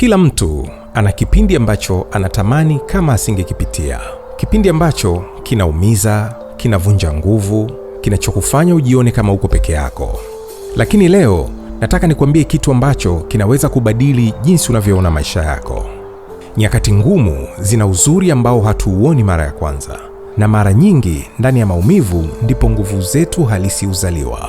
Kila mtu ana kipindi ambacho anatamani kama asingekipitia, kipindi ambacho kinaumiza, kinavunja nguvu, kinachokufanya ujione kama uko peke yako. Lakini leo nataka nikuambie kitu ambacho kinaweza kubadili jinsi unavyoona maisha yako. Nyakati ngumu zina uzuri ambao hatuuoni mara ya kwanza, na mara nyingi ndani ya maumivu ndipo nguvu zetu halisi huzaliwa.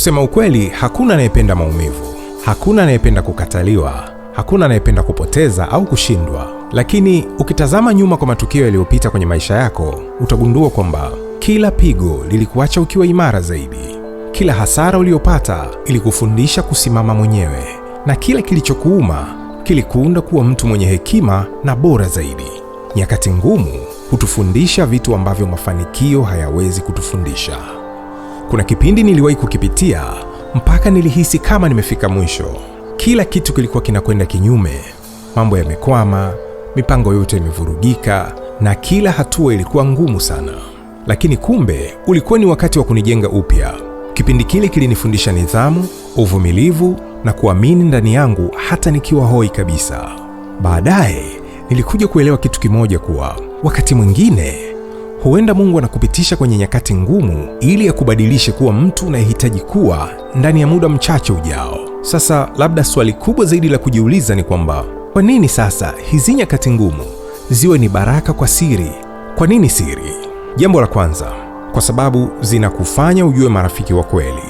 Kusema ukweli, hakuna anayependa maumivu, hakuna anayependa kukataliwa, hakuna anayependa kupoteza au kushindwa. Lakini ukitazama nyuma kwa matukio yaliyopita kwenye maisha yako, utagundua kwamba kila pigo lilikuacha ukiwa imara zaidi, kila hasara uliyopata ilikufundisha kusimama mwenyewe, na kila kilichokuuma kilikuunda kuwa mtu mwenye hekima na bora zaidi. Nyakati ngumu hutufundisha vitu ambavyo mafanikio hayawezi kutufundisha. Kuna kipindi niliwahi kukipitia mpaka nilihisi kama nimefika mwisho. Kila kitu kilikuwa kinakwenda kinyume, mambo yamekwama, mipango yote imevurugika, na kila hatua ilikuwa ngumu sana. Lakini kumbe ulikuwa ni wakati wa kunijenga upya. Kipindi kile kilinifundisha nidhamu, uvumilivu na kuamini ndani yangu hata nikiwa hoi kabisa. Baadaye nilikuja kuelewa kitu kimoja, kuwa wakati mwingine Huenda Mungu anakupitisha kwenye nyakati ngumu ili akubadilishe kuwa mtu unayehitaji kuwa ndani ya muda mchache ujao. Sasa labda swali kubwa zaidi la kujiuliza ni kwamba kwa nini sasa hizi nyakati ngumu ziwe ni baraka kwa siri? Kwa nini siri? Jambo la kwanza, kwa sababu zinakufanya ujue marafiki wa kweli,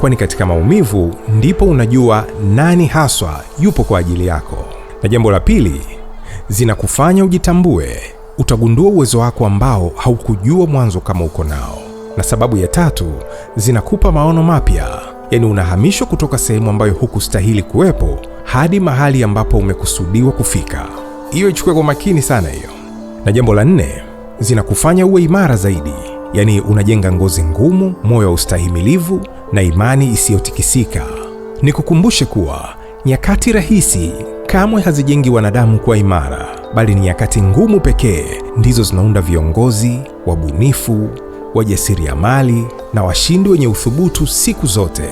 kwani katika maumivu ndipo unajua nani haswa yupo kwa ajili yako. Na jambo la pili, zinakufanya ujitambue utagundua uwezo wako ambao haukujua mwanzo kama uko nao. Na sababu ya tatu, zinakupa maono mapya, yaani unahamishwa kutoka sehemu ambayo hukustahili kuwepo hadi mahali ambapo umekusudiwa kufika. Hiyo ichukue kwa makini sana hiyo. Na jambo la nne, zinakufanya uwe imara zaidi, yaani unajenga ngozi ngumu, moyo wa ustahimilivu na imani isiyotikisika. Nikukumbushe kuwa nyakati rahisi kamwe hazijengi wanadamu kuwa imara bali ni nyakati ngumu pekee ndizo zinaunda viongozi wabunifu, wajasiriamali na washindi wenye uthubutu siku zote.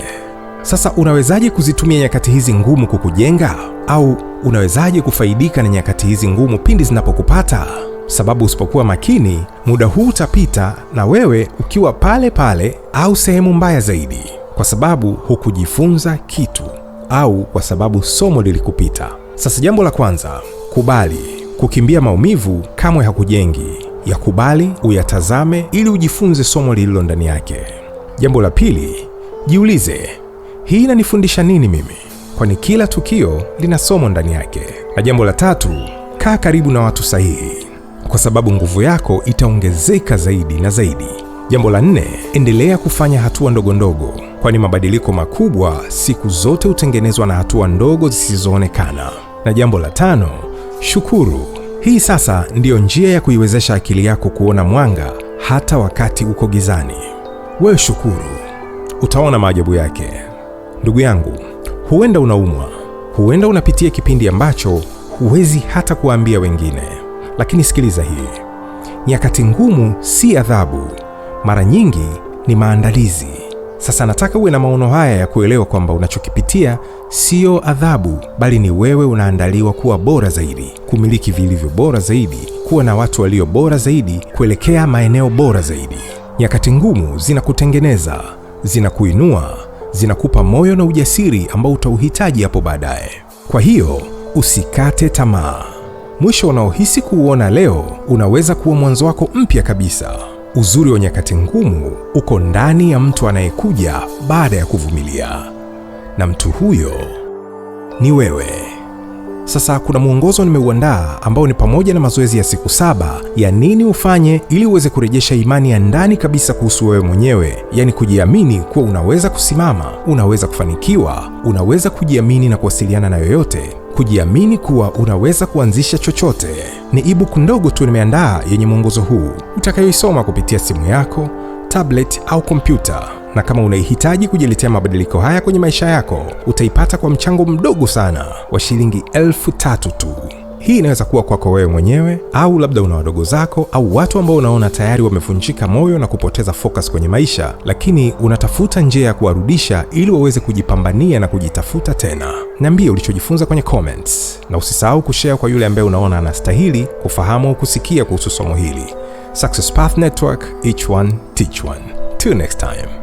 Sasa unawezaje kuzitumia nyakati hizi ngumu kukujenga? Au unawezaje kufaidika na nyakati hizi ngumu pindi zinapokupata? Sababu usipokuwa makini, muda huu utapita na wewe ukiwa pale pale au sehemu mbaya zaidi, kwa sababu hukujifunza kitu au kwa sababu somo lilikupita. Sasa jambo la kwanza, kubali. Kukimbia maumivu kamwe hakujengi. Yakubali, uyatazame ili ujifunze somo lililo ndani yake. Jambo la pili, jiulize, hii inanifundisha nini mimi? Kwani kila tukio lina somo ndani yake. Na jambo la tatu, kaa karibu na watu sahihi, kwa sababu nguvu yako itaongezeka zaidi na zaidi. Jambo la nne, endelea kufanya hatua ndogo ndogo, kwani mabadiliko makubwa siku zote hutengenezwa na hatua ndogo zisizoonekana. Na jambo la tano Shukuru. Hii sasa ndiyo njia ya kuiwezesha akili yako kuona mwanga hata wakati uko gizani. Wewe shukuru, utaona maajabu yake. Ndugu yangu, huenda unaumwa, huenda unapitia kipindi ambacho huwezi hata kuwaambia wengine, lakini sikiliza hii. Nyakati ngumu si adhabu, mara nyingi ni maandalizi. Sasa nataka uwe na maono haya ya kuelewa kwamba unachokipitia sio adhabu, bali ni wewe unaandaliwa kuwa bora zaidi, kumiliki vilivyo bora zaidi, kuwa na watu walio bora zaidi, kuelekea maeneo bora zaidi. Nyakati ngumu zinakutengeneza, zinakuinua, zinakupa moyo na ujasiri ambao utauhitaji hapo baadaye. Kwa hiyo usikate tamaa. Mwisho unaohisi kuuona leo unaweza kuwa mwanzo wako mpya kabisa. Uzuri wa nyakati ngumu uko ndani ya mtu anayekuja baada ya kuvumilia, na mtu huyo ni wewe. Sasa kuna mwongozo nimeuandaa ambao ni pamoja na mazoezi ya siku saba ya nini ufanye ili uweze kurejesha imani ya ndani kabisa kuhusu wewe mwenyewe, yaani kujiamini kuwa unaweza kusimama, unaweza kufanikiwa, unaweza kujiamini na kuwasiliana na yoyote kujiamini kuwa unaweza kuanzisha chochote. Ni ebook ndogo tu nimeandaa yenye mwongozo huu utakayoisoma kupitia simu yako, tablet au kompyuta, na kama unaihitaji kujiletea mabadiliko haya kwenye maisha yako, utaipata kwa mchango mdogo sana wa shilingi elfu tatu tu. Hii inaweza kuwa kwako wewe mwenyewe au labda una wadogo zako au watu ambao unaona tayari wamevunjika moyo na kupoteza focus kwenye maisha, lakini unatafuta njia ya kuwarudisha ili waweze kujipambania na kujitafuta tena. Niambie ulichojifunza kwenye comments na usisahau kushare kwa yule ambaye unaona anastahili kufahamu au kusikia kuhusu somo hili. Success Path Network, each one teach one. Till next time.